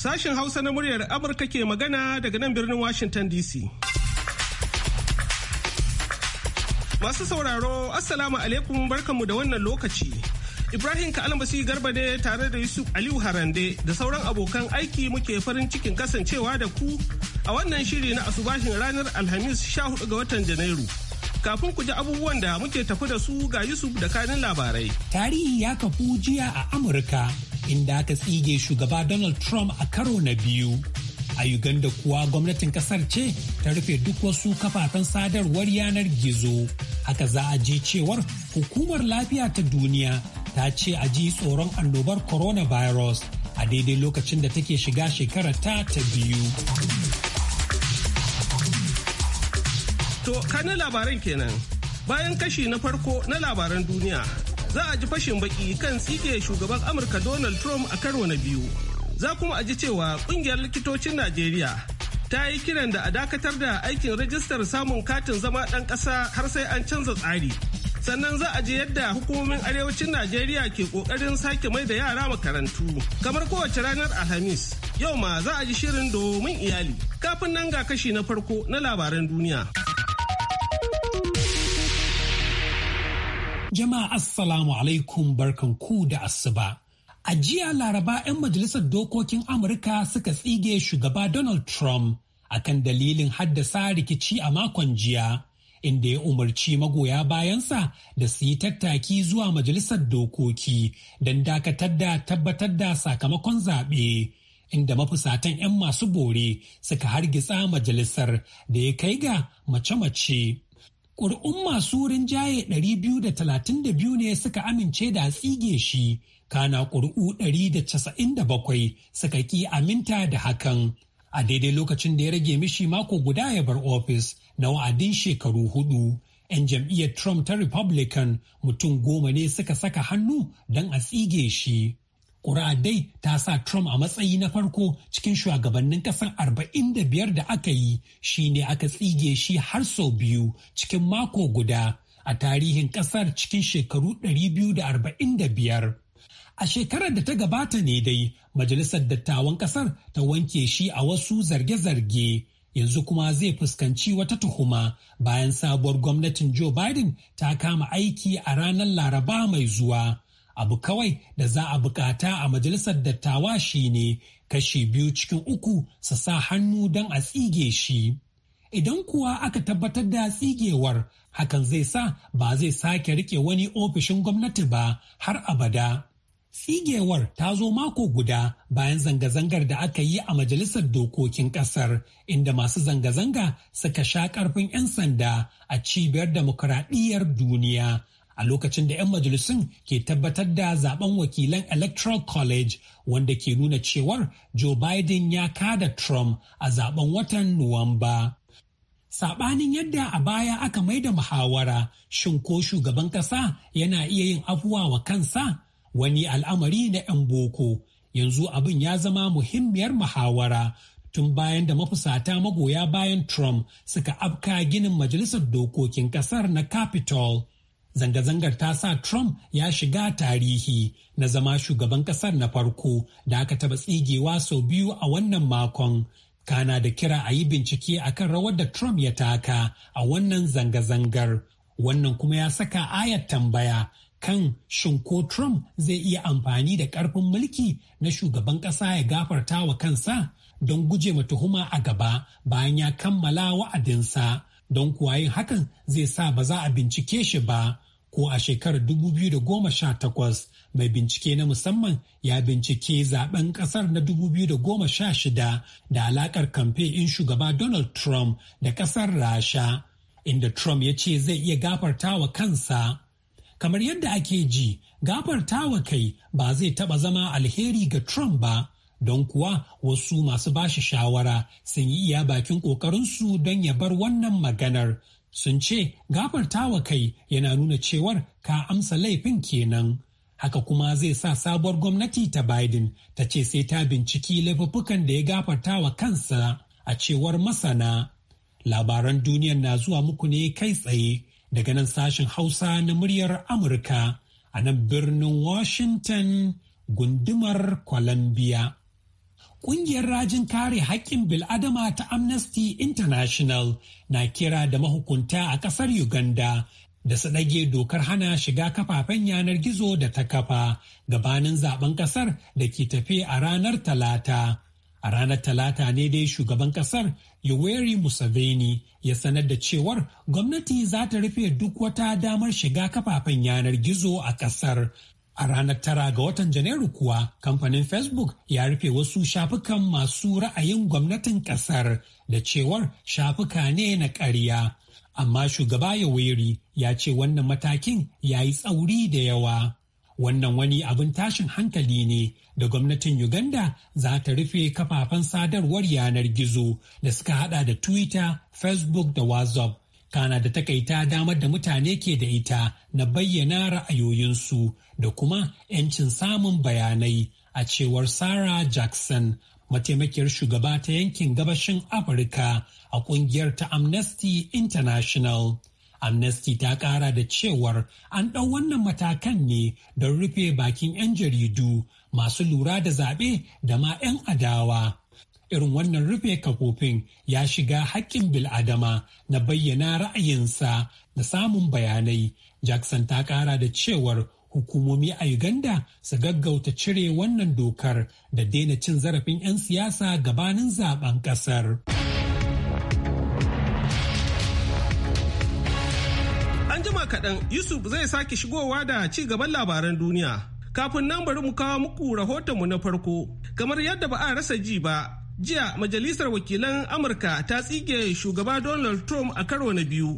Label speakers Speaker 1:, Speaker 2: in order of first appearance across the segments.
Speaker 1: Sashen Hausa na muryar Amurka ke magana daga nan birnin Washington DC. Masu sauraro, Assalamu alaikum barkanmu da wannan lokaci. Ibrahim Ka'almasi Garba ne tare da Yusuf Aliyu Harande da sauran abokan aiki muke farin cikin kasancewa da ku a wannan shiri na asubashin ranar Alhamis 14 ga watan Janairu. Kafin ku ji abubuwan da muke tafi da su ga Yusuf da kanin
Speaker 2: labarai. Tarihi ya kafu jiya a Amurka inda aka tsige shugaba Donald Trump a karo na biyu. A Uganda kuwa gwamnatin kasar ce ta rufe duk wasu kafafen sadarwar yanar gizo. Haka za a ji cewar hukumar lafiya ta duniya ta ce a ji tsoron annobar coronavirus a daidai lokacin da take shiga shekara ta ta biyu.
Speaker 1: To, kanin labaran kenan. Bayan kashi na farko na labaran duniya, za a ji fashin baki kan tsige shugaban Amurka Donald Trump a karo na biyu. Za kuma a ji cewa kungiyar likitocin Najeriya ta yi kiran da a dakatar da aikin rajistar samun katin zama ɗan ƙasa har sai an canza tsari. sannan za a ji yadda hukumomin arewacin najeriya ke kokarin sake mai da yara makarantu kamar kowace ranar alhamis yau ma za a ji shirin domin iyali kafin nan ga kashi
Speaker 2: na farko na labaran duniya Jama'a Assalamu alaikum barkan ku da asuba. A jiya Laraba 'yan majalisar dokokin Amurka suka tsige shugaba Donald Trump a kan dalilin haddasa rikici a makon jiya, inda ya umarci magoya bayansa da su yi tattaki zuwa majalisar dokoki don dakatar da tabbatar da sakamakon zaɓe. Inda mafusatan 'yan masu bore suka hargitsa majalisar da ya kai ga mace-mace. ƙuri'un masu wurin jaye 232 ne suka amince da tsige shi kana ƙuri'u 197 suka ƙi aminta da hakan a daidai lokacin da ya rage mishi mako guda ya bar ofis na wa'adin shekaru hudu 'yan jam'iyyar trump ta republican mutum goma ne suka saka hannu don a tsige shi ƙuri'a dai ta sa Trump a matsayi na farko cikin shugabannin ƙasar 45 da aka yi shi ne aka tsige shi har sau biyu cikin mako guda a tarihin ƙasar cikin shekaru 245. A shekarar da ta gabata ne dai Majalisar Dattawan ƙasar ta wanke shi a wasu zarge-zarge. yanzu kuma zai fuskanci wata tuhuma bayan sabuwar gwamnatin Joe Biden ta kama aiki a ranar Laraba mai zuwa. abu kawai da za a bukata a majalisar dattawa shine kashi biyu cikin uku su sa hannu don a tsige shi idan kuwa aka tabbatar da tsigewar hakan zai sa ba zai sake rike wani ofishin gwamnati ba har abada tsigewar ta zo mako guda bayan zanga-zangar da aka yi a majalisar dokokin kasar inda masu zanga-zanga suka sha karfin 'yan sanda a cibiyar demokuraɗiyyar duniya a lokacin da 'yan majalisun ke tabbatar da zaben wakilan electoral college wanda ke nuna cewar joe biden ya kada trump a zaben watan nuwamba sabanin yadda a baya aka maida muhawara shin ko shugaban kasa yana iya yin afuwa wa kansa wani al'amari na 'yan boko yanzu abin ya zama muhimmiyar muhawara tun bayan da mafusata magoya bayan trump suka afka ginin majalisar dokokin kasar na capitol Zanga-zangar ta sa Trump ya shiga tarihi na zama shugaban kasar na farko da aka taɓa tsigewa sau biyu a wannan makon. Kana da kira a yi bincike a kan rawar da Trump ya taka a wannan zanga-zangar. Wannan kuma ya saka ayat tambaya kan shin ko Trump zai iya amfani da ƙarfin mulki na shugaban ƙasa ya gafarta wa kansa don guje ma tuhuma a gaba bayan ya kammala wa'adinsa. don kuwa yin hakan zai sa ba za a bincike shi ba ko a shekarar 2018 mai bincike na musamman ya bincike zaben kasar na 2016 da alakar kamfe in shugaba donald trump da kasar rasha inda trump ya ce zai iya gafarta wa kansa kamar yadda ake ji gafartawa kai ba zai taba zama alheri ga trump ba don kuwa wasu masu bashi shawara sun yi iya bakin ƙoƙarinsu don ya bar wannan maganar sun ce gafartawa kai yana nuna cewar ka amsa laifin kenan haka kuma zai sa sabuwar gwamnati ta biden ta ce sai ta binciki laifuffukan da ya gafartawa kansa a cewar masana labaran duniyar na zuwa muku ne kai tsaye daga nan sashen hausa na muryar amurka a nan birnin washington gundumar columbia Ƙungiyar rajin kare haƙƙin bil'adama ta Amnesty International na kira da mahukunta a ƙasar Uganda da su ɗage dokar hana shiga kafafen yanar gizo da ta kafa gabanin zaben ƙasar da ke tafe a ranar Talata. A ranar Talata ne dai shugaban ƙasar Yoweri Museveni ya sanar da cewar gwamnati za ta rufe duk wata damar shiga kafafen yanar gizo a ƙasar A ranar tara ga watan Janairu kuwa kamfanin Facebook ya rufe wasu shafukan masu ra'ayin gwamnatin kasar da cewar shafuka ne na ƙarya. Amma shugaba Yoweri ya ce wannan matakin ya yi tsauri da yawa. Wannan wani abin tashin hankali ne da gwamnatin Uganda za ta rufe kafafen sadarwar yanar gizo da suka hada da Twitter, Facebook da WhatsApp kana da takaita damar da mutane ke da ita na bayyana ra'ayoyinsu da kuma 'yancin samun bayanai a cewar Sarah Jackson, mataimakiyar shugaba ta yankin gabashin Afirka a kungiyar ta Amnesty International. Amnesty ta kara da cewar an ɗau wannan matakan ne don rufe bakin 'yan jaridu masu lura da zaɓe da ma 'yan adawa irin wannan rufe kafofin ya shiga haƙƙin bil'adama na bayyana ra'ayinsa na samun bayanai. Jackson ta ƙara da cewar hukumomi a Uganda su gaggauta cire wannan dokar da daina cin zarafin 'yan siyasa gabanin zaben ƙasar. An jima kaɗan Yusuf zai
Speaker 1: sake shigowa da ci gaban labaran duniya. kafin nan bari mu kawo muku rahoton mu na farko kamar yadda ba a rasa ji ba jiya majalisar wakilan amurka ta tsige shugaba donald trump a karo na biyu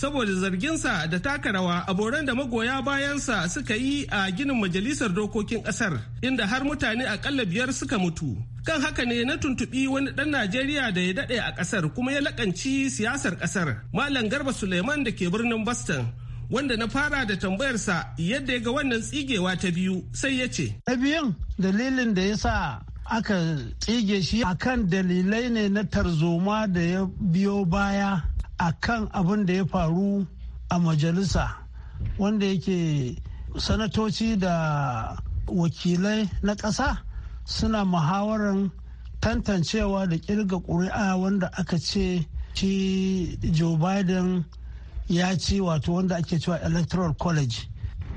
Speaker 1: saboda zarginsa da taka rawa a boran da magoya bayansa suka yi a ginin majalisar dokokin kasar inda har mutane akalla biyar suka mutu kan haka ne na tuntubi wani dan najeriya da ya daɗe a ƙasar kuma ya lakanci siyasar ƙasar malam garba suleiman da ke birnin boston wanda na fara da tambayarsa yadda ya ga wannan tsigewa ta biyu sai ya ce
Speaker 3: na biyun dalilin da ya sa aka tsige shi akan dalilai ne na tarzoma da ya biyo baya akan abin da ya faru a majalisa wanda yake sanatoci da wakilai na ƙasa suna muhawarar tantancewa da kirga ƙuri'a wanda aka ce ci joe biden ya ci wato wanda ake cewa electoral college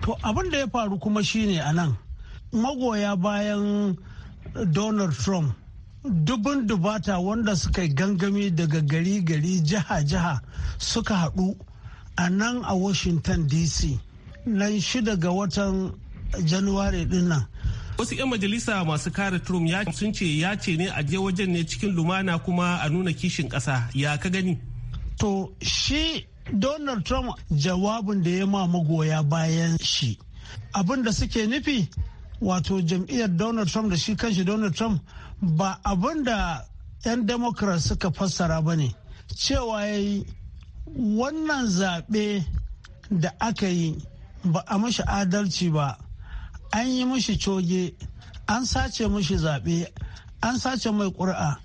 Speaker 3: to abin da ya faru kuma shine a nan magoya bayan donald trump dubun dubata wanda suka yi gangami daga gari gari jiha jiha suka haɗu a nan a washington dc nan shida ga watan januwari dinnan
Speaker 1: wasu 'yan majalisa masu kare trump ya sun ce ya ce ne a je wajen ne cikin lumana kuma a nuna kishin ƙasa ya ka
Speaker 3: gani to shi donald trump jawabin da ya ma magoya bayan shi abin da suke nufi wato jam'iyyar donald trump da shi kanshi donald trump ba abin da 'yan democrat suka fassara ba ne cewa ya yi wannan zaɓe da aka yi ba a mashi adalci ba an yi mashi coge an sace mashi zaɓe an sace mai ƙuri'a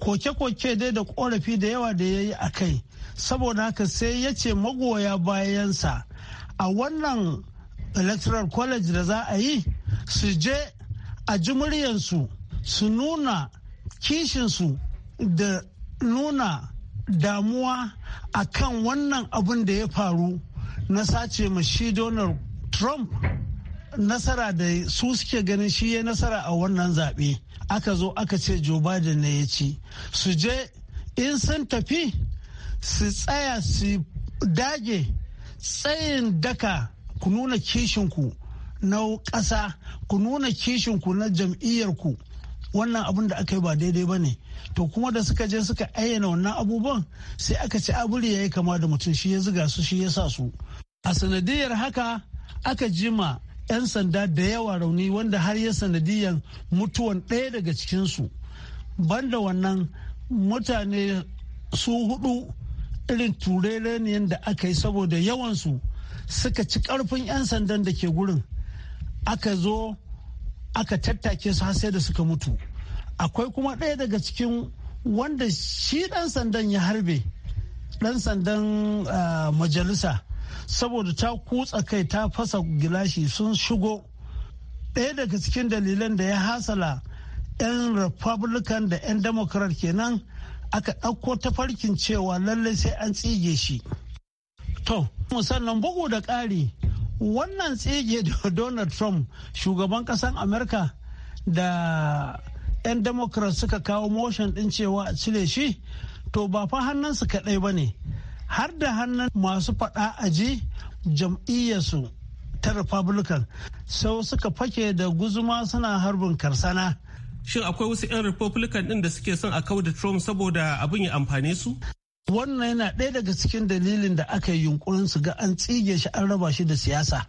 Speaker 3: koke-koke dai da ƙorafi da yawa da ya yi a kai saboda haka sai ya ce magoya bayansa a wannan electoral college da za a yi su je a ji muryansu su nuna kishinsu da nuna damuwa a kan wannan abin da ya faru na sace ma shi donald trump nasara da su suke ganin shi ya nasara a wannan zaɓe aka zo aka ce joe biden ne ya ci su je in sun tafi su tsaya su dage tsayin daka ku nuna kishinku na ƙasa ku nuna kishinku na jam'iyyarku wannan abun da aka yi ba daidai ba ne to kuma da suka je suka ayyana wannan abubuwan sai aka ci aburi ya yi kama da mutum shi ya ziga su shi ya sa su a sanadiyar haka aka jima 'yan sanda da yawa rauni wanda har ya sanadiyar mutuwan ɗaya daga cikinsu banda wannan mutane su hudu irin ne da aka yi saboda yawansu suka ci karfin 'yan sandan da ke gurin aka zo aka tattake su har sai da suka mutu akwai kuma ɗaya daga cikin wanda shi ɗan sandan ya harbe ɗan sandan ah, majalisa saboda ta kutsa kai ta fasa gilashi sun shigo ɗaya daga cikin dalilan da ya hasala 'yan republican da 'yan democrat kenan aka ɗauko ta farkin cewa lallai sai an tsige shi to sannan bugu da ƙari wannan tsege da donald trump shugaban kasan amurka da 'yan democrat suka kawo motion din cewa a cire shi to ba fa hannunsu kadai ba ne har da hannun masu faɗa ji jam'iyyarsu ta republican sau suka fake da guzuma suna harbin karsana
Speaker 1: shin akwai wasu 'yan republican din da suke son a kau da trump saboda abin ya amfane su
Speaker 3: wannan yana ɗaya daga cikin dalilin da aka yi yunkurin su ga an tsige shi an raba shi da siyasa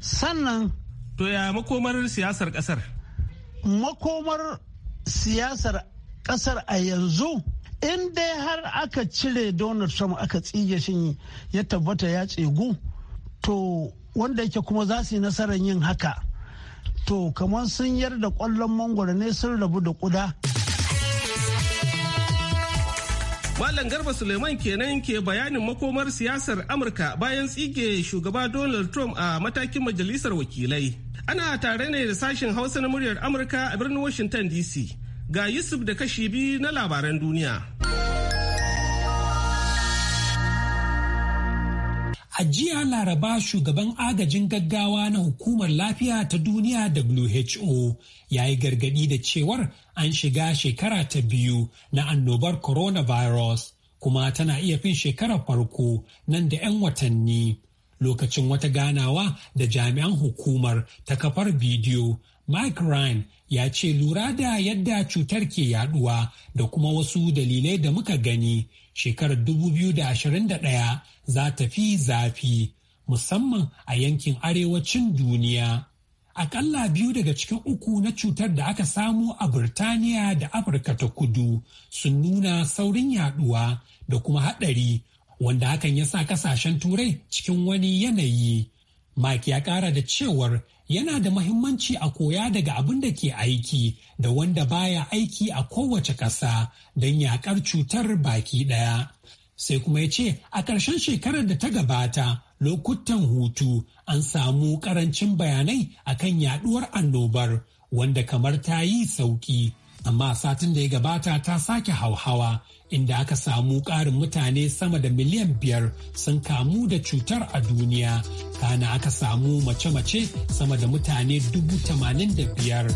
Speaker 3: sannan to ya
Speaker 1: makomar siyasar ƙasar
Speaker 3: makomar siyasar ƙasar a yanzu in dai har aka cire donald trump aka tsige shi ya tabbata ya tsegu to wanda yake kuma za su yi nasarar yin haka to kamar sun da kwallon mangwara ne sun rabu da kuda.
Speaker 1: Malam Garba Suleiman kenan ke bayanin makomar siyasar Amurka bayan tsige shugaba Donald Trump a matakin majalisar wakilai. Ana tare ne da sashen Hausa na muryar Amurka a birnin Washington DC. Ga Yusuf da kashi biyu na labaran duniya.
Speaker 2: A jiya Laraba shugaban agajin gaggawa na hukumar lafiya ta duniya WHO ya yi gargadi da cewar an shiga shekara ta biyu na annobar coronavirus kuma tana iya fin shekarar farko nan da 'yan watanni. Lokacin wata ganawa da jami'an hukumar ta kafar bidiyo, Mike Ryan ya ce lura da yadda cutar ke yaduwa da kuma wasu dalilai da muka gani shekarar 2021 za ta fi zafi musamman a yankin arewacin duniya. Akalla biyu daga cikin uku na cutar da aka samu a Birtaniya da Afirka ta kudu sun nuna saurin yaduwa da kuma haɗari wanda hakan ya sa ƙasashen turai cikin wani yanayi Mike ya ƙara da cewar yana da mahimmanci a koya daga abin da ke aiki da wanda baya aiki a kowace ƙasa don yaƙar cutar baki ɗaya. Sai kuma ya ce a ƙarshen shekarar da ta gabata lokutan hutu an samu ƙarancin bayanai akan yaɗuwar annobar wanda kamar ta yi sauƙi amma satin da ya gabata ta sake hauhawa inda aka samu ƙarin mutane sama da miliyan biyar sun kamu da cutar a duniya kana aka samu mace-mace sama da mutane dubu tamanin da biyar.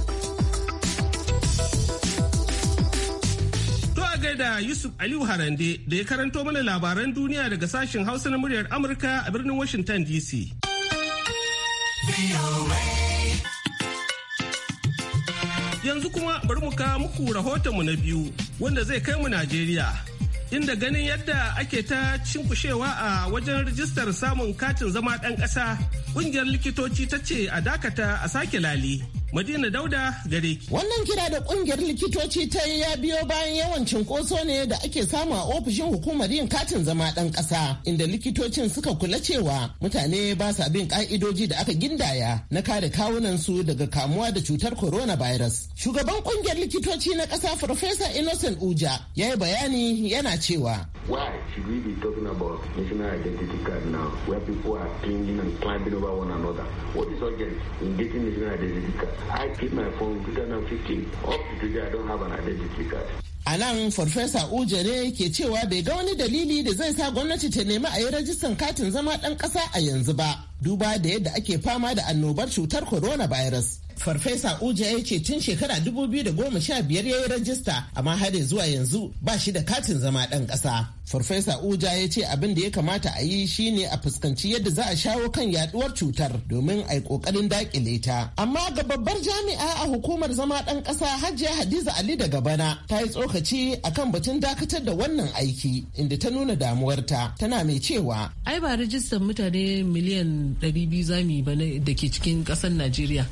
Speaker 2: da Yusuf Aliyu Harande da ya karanto
Speaker 1: mana labaran duniya daga sashen Hausa na muryar Amurka a birnin Washington DC. Yanzu kuma bari mu kawo muku rahoton mu na biyu wanda zai kai mu Najeriya. Inda ganin yadda ake ta cinkushewa a wajen rijistar samun katin zama ɗan ƙasa, ƙungiyar likitoci ta ce a dakata a sake lali. Madina Dauda gare ki. Wannan
Speaker 4: kira da kungiyar likitoci ta yi ya biyo bayan yawan cinkoso ne da ake samu a ofishin hukumar yin katin zama ɗan ƙasa inda likitocin suka kula cewa mutane ba sa bin ƙa'idoji da aka gindaya na kare kawunan su daga kamuwa da cutar coronavirus. Shugaban kungiyar likitoci na ƙasa Farfesa Innocent Uja ya yi bayani yana cewa. Why
Speaker 5: should we be talking about national identity card now where people are clinging and climbing over one another? What is urgent in getting national identity card?
Speaker 4: A nan Farfesa Ujere ke cewa bai ga wani dalili da zai sa gwamnati ta nemi a yi rajistan katin zama ɗan ƙasa a yanzu ba, duba da yadda ake fama da annobar cutar coronavirus. Farfesa Uja ya ce tun shekara 2015 ya yi rajista amma har zuwa yanzu ba shi da katin zama ɗan ƙasa. Farfesa Uja ya ce abin da ya kamata a yi shi ne a fuskanci yadda za a shawo kan yaduwar cutar domin a yi kokarin dakile ta. Amma ga babbar jami'a a hukumar zama ɗan ƙasa Hajiya Hadiza Ali daga bana ta yi tsokaci akan batun dakatar da wannan aiki inda ta nuna damuwarta tana mai cewa. Ai ba rajistar mutane miliyan 200 za mu yi da ke cikin ƙasar Najeriya.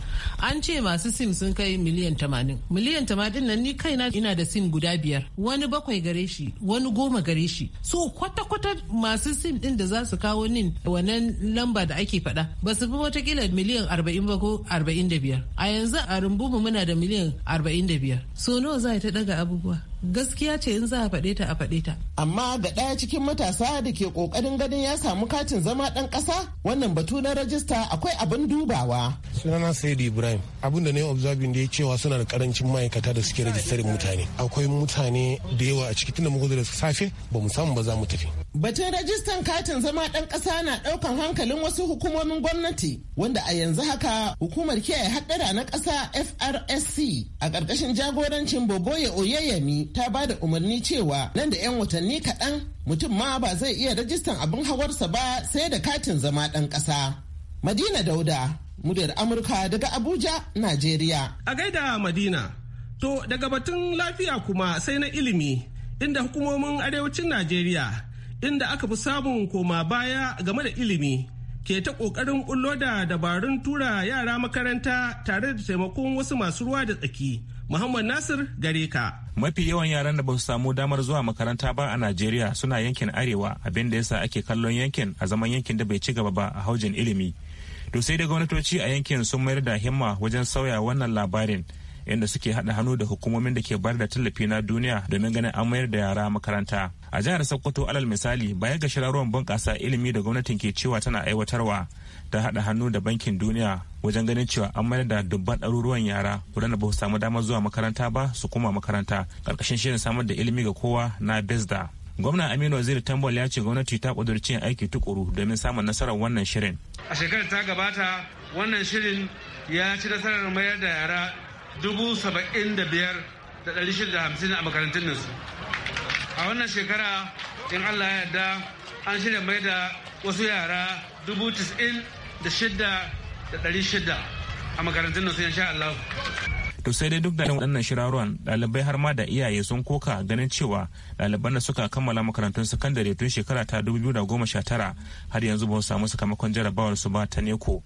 Speaker 4: An ce masu sim sun kai miliyan tamanin Miliyan 80 nan ni kaina ina da sim guda biyar. Wani bakwai gare shi, wani goma gare shi. shi so kwata-kwata masu sim din da za su kawo nin wannan lamba da ake faɗa ba su fi watakila miliyan arba'in ba ko arba'in biyar a yanzu a mu muna da miliyan arba'in da biyar so nawa za ta daga abubuwa gaskiya ce in za a faɗe ta a faɗe ta. Amma ga ɗaya cikin matasa da ke ƙoƙarin ganin ya samu katin zama ɗan ƙasa wannan batu na rajista akwai abin dubawa.
Speaker 1: Sunana da Ibrahim abin da na yi observing da ya cewa suna da ƙarancin ma'aikata da suke rajistarin mutane. Akwai mutane da yawa a ciki tunda muka da safe ba mu samu ba za mu
Speaker 4: tafi. Batun rajistan katin zama ɗan ƙasa na ɗaukan hankalin wasu hukumomin gwamnati wanda a yanzu haka hukumar kiyaye haɗɗara na ƙasa FRSC a ƙarƙashin jagorancin Boboye Oyeyemi ta ba da umarni cewa nan da 'yan watanni kaɗan mutum ma ba zai iya rajistan abin hawarsa ba sai da katin zama ɗan ƙasa. Madina Dauda, muryar Amurka daga Abuja, Najeriya.
Speaker 1: A gaida Madina, to daga batun lafiya kuma sai na ilimi inda hukumomin arewacin Najeriya inda aka fi samun koma baya game da ilimi ke ta ƙoƙarin ƙullo da dabarun tura yara makaranta tare da taimakon wasu masu ruwa da tsaki. Muhammad
Speaker 6: Nasir gareka. Mafi yawan yaran da ba su samu damar zuwa makaranta ba a Najeriya suna yankin Arewa abin da yasa ake kallon yankin a zaman yankin da bai ci gaba ba a haujin ilimi. To sai da gwamnatoci a yankin sun mayar da himma wajen sauya wannan labarin inda suke haɗa hannu da hukumomin da ke bayar da tallafi na duniya domin ganin an mayar da yara makaranta a jihar sokoto alal misali baya ga shirarwan bunƙasa ilimi da gwamnatin ke cewa tana aiwatarwa ta haɗa hannu da bankin duniya wajen ganin cewa an mayar da dubban ɗaruruwan yara waɗanda ba su samu damar zuwa makaranta ba su koma makaranta ƙarƙashin shirin samar da ilimi ga kowa na bezda gwamna aminu wazir tambol ya ce gwamnati ta ƙudurci aiki tukuru domin samun nasarar wannan shirin
Speaker 3: a shekarar ta gabata wannan shirin ya ci nasarar mayar da yara dubu saba'in da biyar da shida da hamsin a makarantun nasu. a wannan shekara in allah ya yarda an shirya mai da wasu yara dubu da shida da shida a makarantun nan insha allah
Speaker 6: to sai dai duk da waɗannan shirarwan ɗalibai har ma da iyaye sun koka ganin cewa ɗaliban da suka kammala makarantun sakandare tun shekara ta 2019 har yanzu ba su samu sakamakon jarabawar su ba ta neko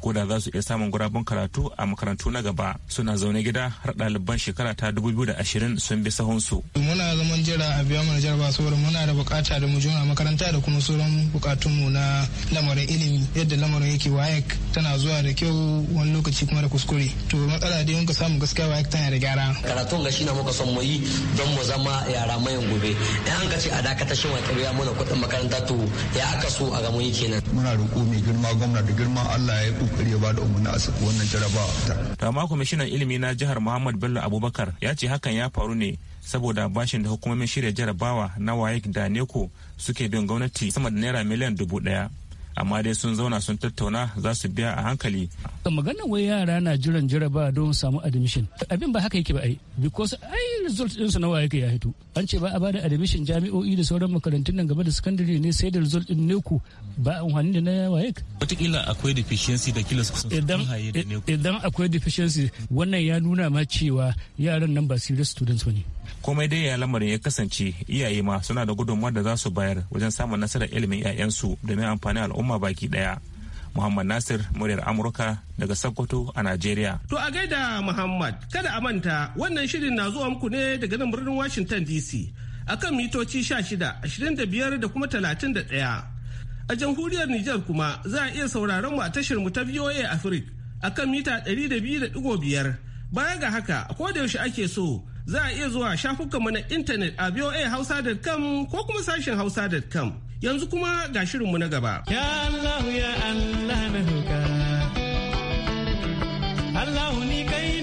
Speaker 6: ko da za su iya samun gurabun karatu a makarantu na gaba suna zaune gida har ɗaliban shekara ta da ashirin sun bi sahunsu.
Speaker 7: muna zaman jira a biya mana jarba saboda muna da bukata da mu juna makaranta da kuma sauran bukatunmu na lamarin ilimi yadda lamarin yake wayek tana zuwa da kyau wani lokaci kuma da kuskure to matsala dai muka samu gaskiya wayek tana da gyara.
Speaker 5: karatun gashi na muka son mu yi don mu zama yara mayan gobe in an ka ce a dakatar shi wata biya muna kuɗin makaranta to ya aka so a ga mu yi kenan. muna roƙo mai girma gwamna da girma Allah ya yi kokari ya ba da umarni a saka wannan jarabawa
Speaker 6: ta. Amma kwamishinan ilimi na jihar Muhammad Bello Abubakar ya ce hakan ya faru ne saboda bashin da hukumomin shirya jarabawa na WAEC da NECO suke bin gwamnati sama da naira miliyan dubu ɗaya. amma dai sun zauna sun tattauna za su biya a hankali.
Speaker 7: maganar wai yara na jiran jaraba don samu admission abin ba haka yake ba ai because ai result ɗinsu nawa yake ya hito an ce ba a bada admission jami'o'i da sauran makarantun nan gaba da secondary ne sai da result ɗin neku ba a wani da na waye
Speaker 6: wataƙila akwai deficiency da kila sun idan
Speaker 7: idan akwai deficiency wannan ya nuna ma cewa yaran nan ba serious students ba ne
Speaker 6: komai dai ya lamarin ya kasance iyaye ma suna da gudunmawar da za su bayar wajen samun nasarar ilimin 'ya'yansu domin amfanin al'umma baki daya muhammad nasir muryar amurka daga sokoto a najeriya
Speaker 1: to a gaida muhammad kada a manta wannan shirin na zuwa muku ne daga nan birnin washington dc akan mitoci 16 ashirin da biyar da kuma talatin da ɗaya. a jamhuriyar nijar kuma za a iya sauraron mu a tashar mu ta voa africa akan mita ɗari da da biyu 200.5 baya ga haka ko da yaushe ake so za a iya zuwa shafukanmu na intanet a voa hausa.com ko kuma sashen hausa.com. Yanzu kuma ga shirinmu na gaba. Ya Allah ya
Speaker 7: Allah na kai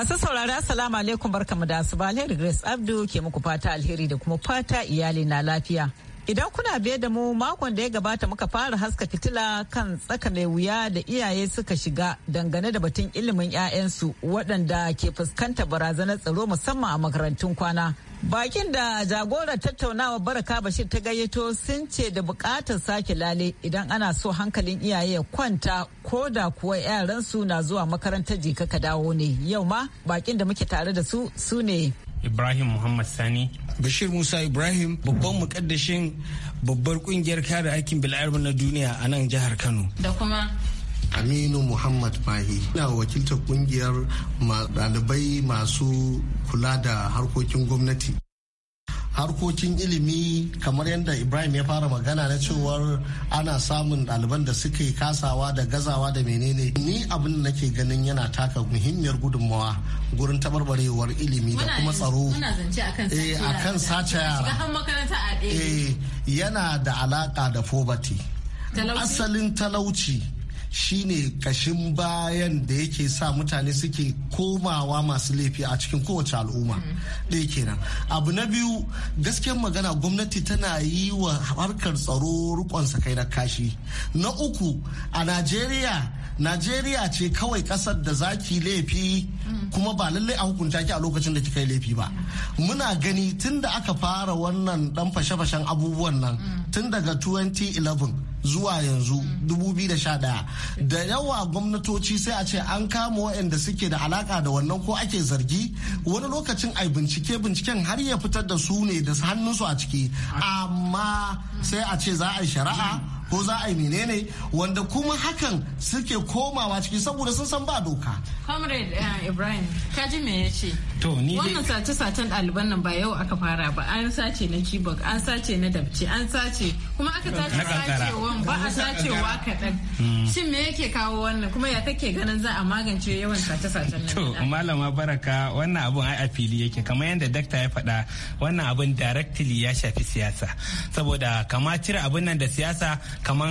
Speaker 8: Masu saurari Assalamu alaikum barkamu da asuba alheri Grace Abdu ke muku fata alheri da kuma fata iyali na lafiya. Idan kuna biye da mu makon da ya gabata muka fara haska fitila kan tsaka mai wuya da iyaye suka shiga dangane da batun ilimin 'ya'yansu waɗanda ke fuskanta barazanar tsaro musamman a makarantun kwana. Bakin da jagorar tattaunawa baraka bashir ta gayyato sun ce da buƙatar sake lale idan ana so hankalin iyaye ya kwanta ko da kuwa yaransu na zuwa makarantar jika ka dawo ne. Yau ma bakin da muke tare da su su ne
Speaker 7: Ibrahim Muhammad Sani. Bashir Musa Ibrahim babban mukaddashin babbar kungiyar
Speaker 5: kare aikin bil'adama na duniya a nan jihar Kano. Da kuma Aminu Muhammad Fahi. Ina wakiltar kungiyar ɗalibai masu kula da harkokin gwamnati. harkokin ilimi kamar yadda ibrahim ya fara magana na cewar ana samun ɗaliban da suke kasawa da gazawa da menene ni abin da nake ganin yana taka muhimmiyar gudunmawa gurin tabarbarewar ilimi da kuma tsaro
Speaker 8: eh, a kan sace yara eh,
Speaker 5: yana da alaka da poverty asalin talauci shine kashin bayan da yake sa mutane suke komawa masu laifi a cikin kowace al'umma ɗaya kenan abu na biyu gaskiyar magana gwamnati tana yi wa harkar tsaro rikon kai na kashi na uku a najeriya najeriya ce kawai ƙasar da zaki laifi kuma ba lallai a hukunta ki a lokacin da kika yi laifi ba muna gani tun da aka fara wannan dan fashe-fashen abubuwan nan tun daga 2011 zuwa yanzu 2011 da yawa gwamnatoci sai a ce an kama waɗanda suke da alaka da wannan ko ake zargi wani lokacin ai bincike binciken har ya fitar da su ne da hannunsu a ciki amma sai a ce za a yi shari'a ko za a yi menene wanda kuma hakan suke komawa ciki saboda sun
Speaker 8: san ba doka. comrade eh, ibrahim kaji me ya ce wannan sace-sacen ɗaliban nan ba yau aka fara ba an sace na kibok an sace na dabce an sace kuma aka sace sacewan ba a sacewa kaɗan hmm. shin me yake kawo wannan kuma ya kake ganin za a magance yawan sace-sacen nan to
Speaker 7: malama baraka wannan abun ai a fili yake kamar yadda dakta ya faɗa wannan abun directly ya shafi siyasa saboda kama cire abun nan da siyasa kamar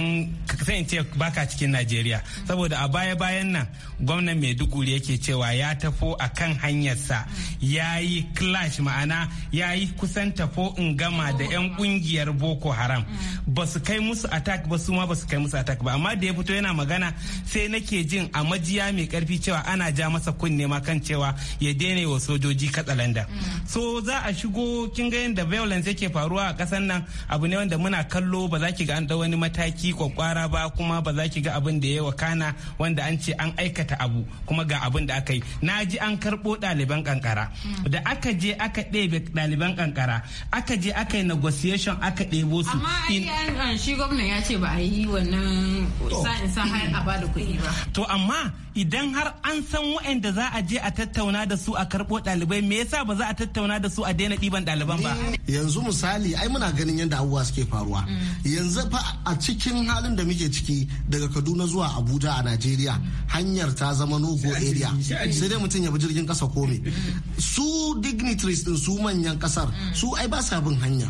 Speaker 7: sai in ce baka cikin najeriya saboda a baya bayan nan gwamnan maiduguri yake cewa ya tafo a kan hanyarsa ya yi clash ma'ana ya yi kusan tafo in gama da 'yan kungiyar boko haram ba su kai musu attack ba su ma ba su kai musu attack ba amma da ya fito yana magana sai nake jin a majiya mai karfi cewa ana ja masa kunne ma kan cewa ya daina wa sojoji katsalanda so za a shigo kin ga yadda violence yake faruwa a kasan nan abu ne wanda muna kallo ba za ki ga an da wani mata mataki kwakwara ba kuma ba za ki ga abin da ya wakana wanda an ce an aikata abu kuma ga abin da aka yi na ji an karɓo ɗaliban kankara mm. da aka je aka ɗebe ɗaliban kankara aka je aka yi negotiation aka ɗebo su amma
Speaker 8: shi gwamna ya ce ba a yi wannan sa'in sa a ba da kuɗi ba
Speaker 7: to amma idan har an san waɗanda za a je a tattauna da su a karɓo ɗalibai me yasa ba za a tattauna da su a daina ɗiban ɗaliban ba
Speaker 5: yanzu misali ai muna ganin yadda abubuwa suke faruwa mm. yanzu fa a cikin halin da muke ciki daga kaduna zuwa abuja a najeriya hanyar ta zama nogo area sai dai mutum ya bi jirgin kasa me. Mm. su dignitaries din su manyan ƙasar. Mm. su ai ba sa bin hanyar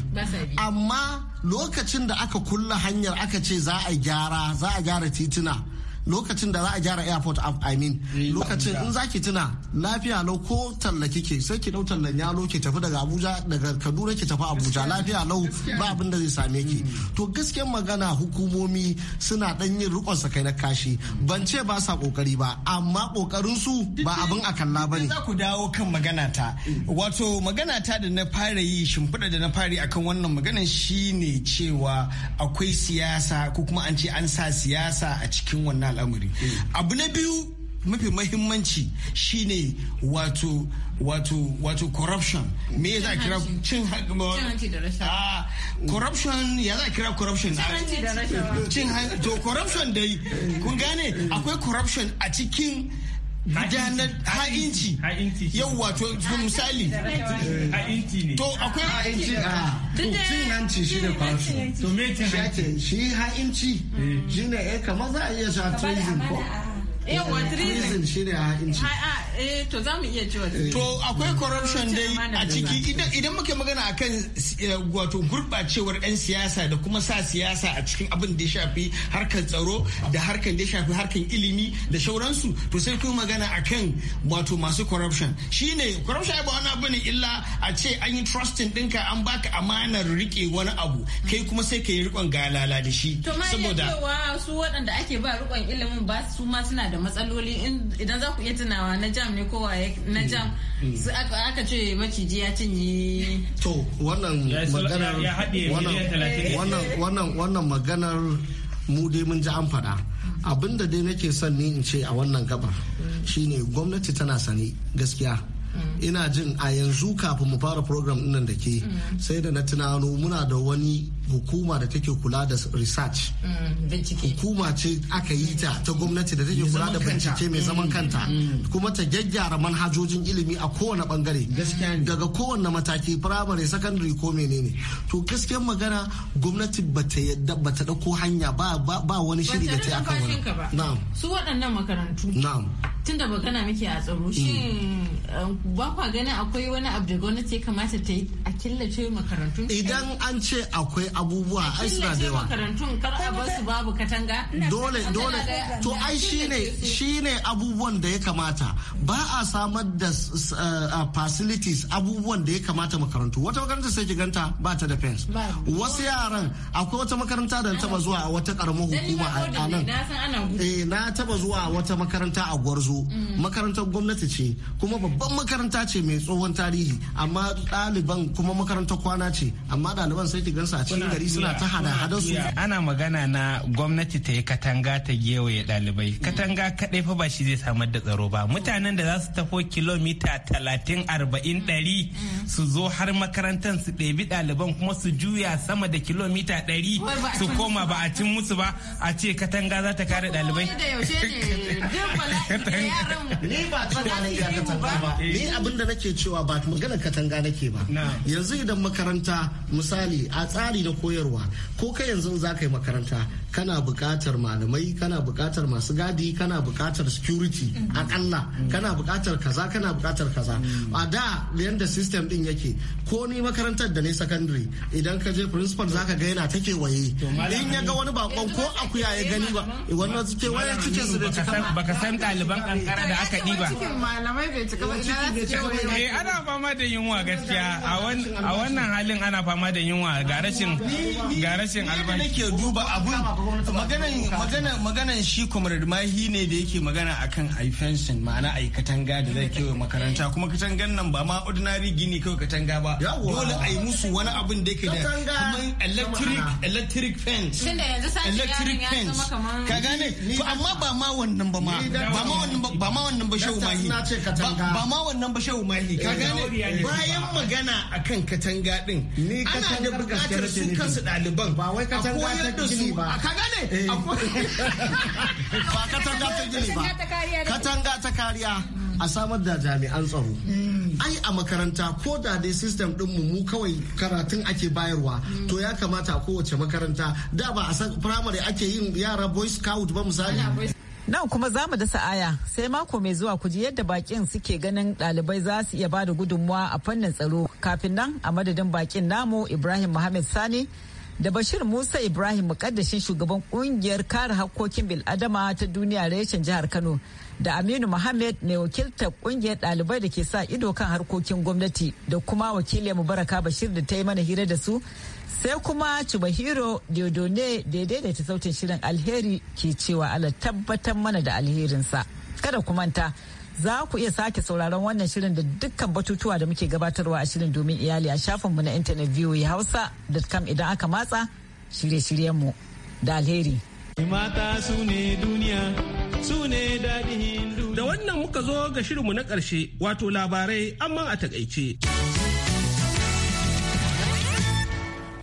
Speaker 5: amma lokacin da aka kulla hanyar aka ce za a gyara za a gyara tituna lokacin da za a gyara airport i mean eh, lokacin in za ki tuna lafiya lau ko talla kike sai ki dau tallan yalo ki tafi daga abuja daga kaduna ki tafi abuja lafiya lau ba abin da zai same ki mm. to gaskiyar magana hukumomi suna dan yin rikon sakai na kashi ban ce ba sa kokari ba amma kokarin su ba abin a kalla bane za ku dawo kan magana ta mm. wato magana ta da na fara yi shimfiɗa da na fara akan wannan maganan shine cewa akwai siyasa ko kuma an ce an sa siyasa a cikin wannan al'amari abu na biyu mafi mahimmanci shine wato wato wato corruption me ya za a kira cin hanci da ah, corruption ya za a kira corruption cin hanci da to corruption dai kun gane akwai corruption a cikin gudanar ha'inci yau wato misali to akwai ha'inci a ah. cin hanci shi ne to me cin hanci shi ha'inci eh. shi ne eh, kamar za a iya sa treason ko ah.
Speaker 8: yawa treason
Speaker 5: shine a inci eh, to za mu iya cewa to akwai corruption dai a ciki idan muke magana akan eh, wato gurbacewar yan siyasa da kuma sa siyasa a cikin abin da ya shafi harkar tsaro da harkar da ya shafi harkar ilimi da shauransu to sai kuma magana akan wato masu corruption shine corruption ba wani abu ne illa a ce an yi trusting dinka an baka amanar rike wani abu kai kuma sai ka yi rikon galala da shi
Speaker 7: saboda
Speaker 8: su waɗanda ake ba rikon ilimin ba su ma suna da da matsaloli idan za ku iya tunawa na jam ne kowa na jam mm. su aka ce maciji ya cinye
Speaker 5: to wannan maganar wannan wannan maganar mu dai mun ji an faɗa abin da dai nake son ni in ce a wannan gabar shine gwamnati tana sane gaskiya mm. ina jin a yanzu kafin mu fara program nan da ke mm. sai da na tunano muna da wani hukuma da take kula da research mm, hukuma ce aka yi ta ta gwamnati da take kula da bincike mai zaman mm, kanta mm. kuma ta gyaggyara manhajojin ilimi a kowane bangare daga kowane mataki primary secondary ko menene to gaskiyar magana gwamnati ta yadda ta dauko hanya ba ba wani shiri da ta yi akan wani na'am
Speaker 8: su waɗannan makarantu na'am tunda magana muke a tsaro shin eh, ba kwa ganin akwai wani abu da gwamnati ya kamata ta yi a killace makarantu idan
Speaker 5: an ce akwai abubuwa ai suna da yawa
Speaker 8: makarantun
Speaker 7: kar a basu babu katanga dole dole to ai shine
Speaker 5: shine abubuwan da ya kamata ba a samar da uh, uh, facilities abubuwan da ya kamata makarantu wata makaranta sai ki ba ta da fence wasu yaran akwai wata makaranta da taba zuwa a wata karamar hukuma a nan eh na taba zuwa wata makaranta a Gwarzo mm. makarantar gwamnati ce kuma babban makaranta ce mai tsohon tarihi amma ɗaliban kuma makarantar kwana ce amma ɗaliban sai ki gansa a cikin gari suna ta hada su. ana
Speaker 7: magana na gwamnati ta yi katanga ta gewaye dalibai katanga kadai fa ba shi zai samar da tsaro ba mutanen da za su tafo kilomita talatin arba'in dari su zo har makarantar su ɗebi ɗaliban kuma su juya sama da kilomita ɗari su koma ba a cin musu ba a ce katanga za ta kare ɗalibai.
Speaker 3: ni ba ba
Speaker 5: ni abin da nake cewa ba magana katanga nake ba yanzu idan makaranta misali a tsari na koyarwa ko kai yanzu za ka yi makaranta kana buƙatar malamai kana buƙatar masu gadi kana buƙatar security akalla kana buƙatar kaza kana buƙatar kaza a da yadda system din yake ko ni makarantar da ne secondary idan ka je principal zaka ga yana ta waye in ya ga wani bakon ko akuya ya gani ba wannan su waye cikin su da cika baka san ɗaliban
Speaker 7: kankara da aka cikin malamai bai cika ba eh ana fama da yunwa gaskiya a wannan halin ana fama da yunwa ga rashin ga rashin ne ke duba
Speaker 3: abun
Speaker 5: maganan maganan shi comrade mahi ne da yake magana akan ai fencing ma'ana ai katanga da zai kewaye makaranta kuma katangan nan ba ma ordinary gini kawai katanga ba dole yi musu wani abin da yake da kamar electric electric fence electric fence ka gane to amma ba ma wannan ba ma ba ma wannan ba ma wannan ba shehu mahi ba ma wannan ba shehu mahi ka gane bayan magana akan katanga din ana da bukatar su kansu ɗaliban ba wai ka koyar da su a ka gane eh. ba katanga ta gini ba katanga ta kariya mm. a samar da jami'an tsaro mm. ai a makaranta ko da dai system din mu kawai karatun ake bayarwa mm. to ya kamata a kowace makaranta da ba a san firamare ake yin yara boy
Speaker 8: scout ba misali Nan kuma za mu dasa aya sai mako mai zuwa ku ji yadda bakin suke ganin ɗalibai za su iya ba da gudunmuwa a fannin tsaro kafin nan a madadin bakin namu Ibrahim Muhammad Sani da Bashir Musa Ibrahim mukaddashin shugaban kungiyar kare hakkokin bil'adama ta duniya reshen jihar Kano. da Aminu Mohammed mai wakiltar kungiyar ɗalibai da ke sa ido kan harkokin gwamnati da kuma wakiliya Mubaraka Bashir da ta yi mana hira da su. Sai kuma Chubahiro Diodone da daidaita sautin shirin alheri ke cewa ala tabbatar mana da alherinsa. Kada ku manta za ku iya sake sauraron wannan shirin da dukkan batutuwa da muke gabatarwa a shirin domin iyali a shafinmu na intanet voahausa.com idan aka matsa shirye-shiryenmu da alheri.
Speaker 1: Mata su ne duniya, su ne daɗin hindu. Da wannan muka zo ga shirinmu na ƙarshe, wato labarai amma a takaice.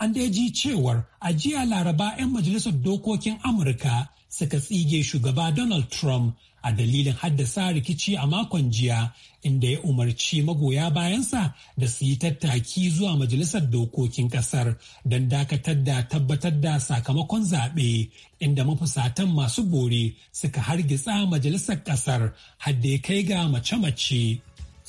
Speaker 2: An dai ji cewar a jiya laraba 'yan majalisar dokokin Amurka suka tsige shugaba Donald Trump a dalilin haddasa rikici a makon jiya inda ya umarci magoya bayansa da su yi tattaki zuwa majalisar dokokin kasar don dakatar da tabbatar da sakamakon zaɓe inda mafusatan masu bore suka hargitsa majalisar kasar hadda ya kai ga mace-mace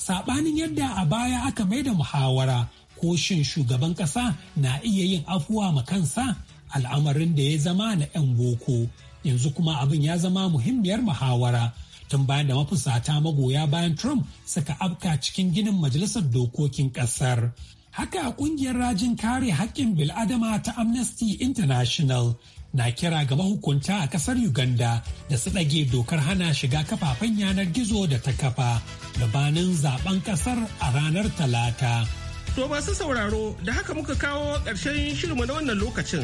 Speaker 2: saɓanin yadda a baya aka mai da muhawara ko shin shugaban kasa na iya yin afuwa ma kansa al'amarin da ya zama na 'yan boko yanzu kuma abin ya zama muhimmiyar muhawara tun bayan da mafusata magoya bayan Trump suka afka cikin ginin majalisar dokokin kasar. Haka kungiyar rajin kare haƙƙin bil'adama ta Amnesty International na kira ga mahukunta a kasar Uganda da su ɗage dokar hana shiga kafafen yanar gizo da ta kafa gabanin zaben kasar a ranar talata. To
Speaker 1: masu sauraro da haka muka kawo ƙarshen shirinmu na wannan lokacin.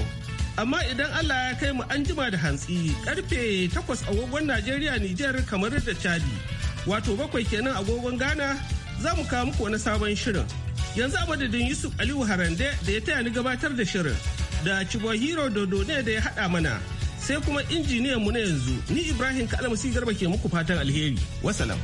Speaker 1: amma idan Allah ya kai mu an jima da hantsi karfe takwas agogon Najeriya Nijar kamar da Chadi wato bakwai kenan agogon Ghana za mu kawo muku wani sabon shirin yanzu a madadin Yusuf Aliyu Harande da ya taya ni gabatar da shirin da Chibohiro Dodo ne da ya haɗa mana sai kuma injiniyan mu na yanzu ni Ibrahim Kalamusi Garba ke muku fatan alheri wasalam.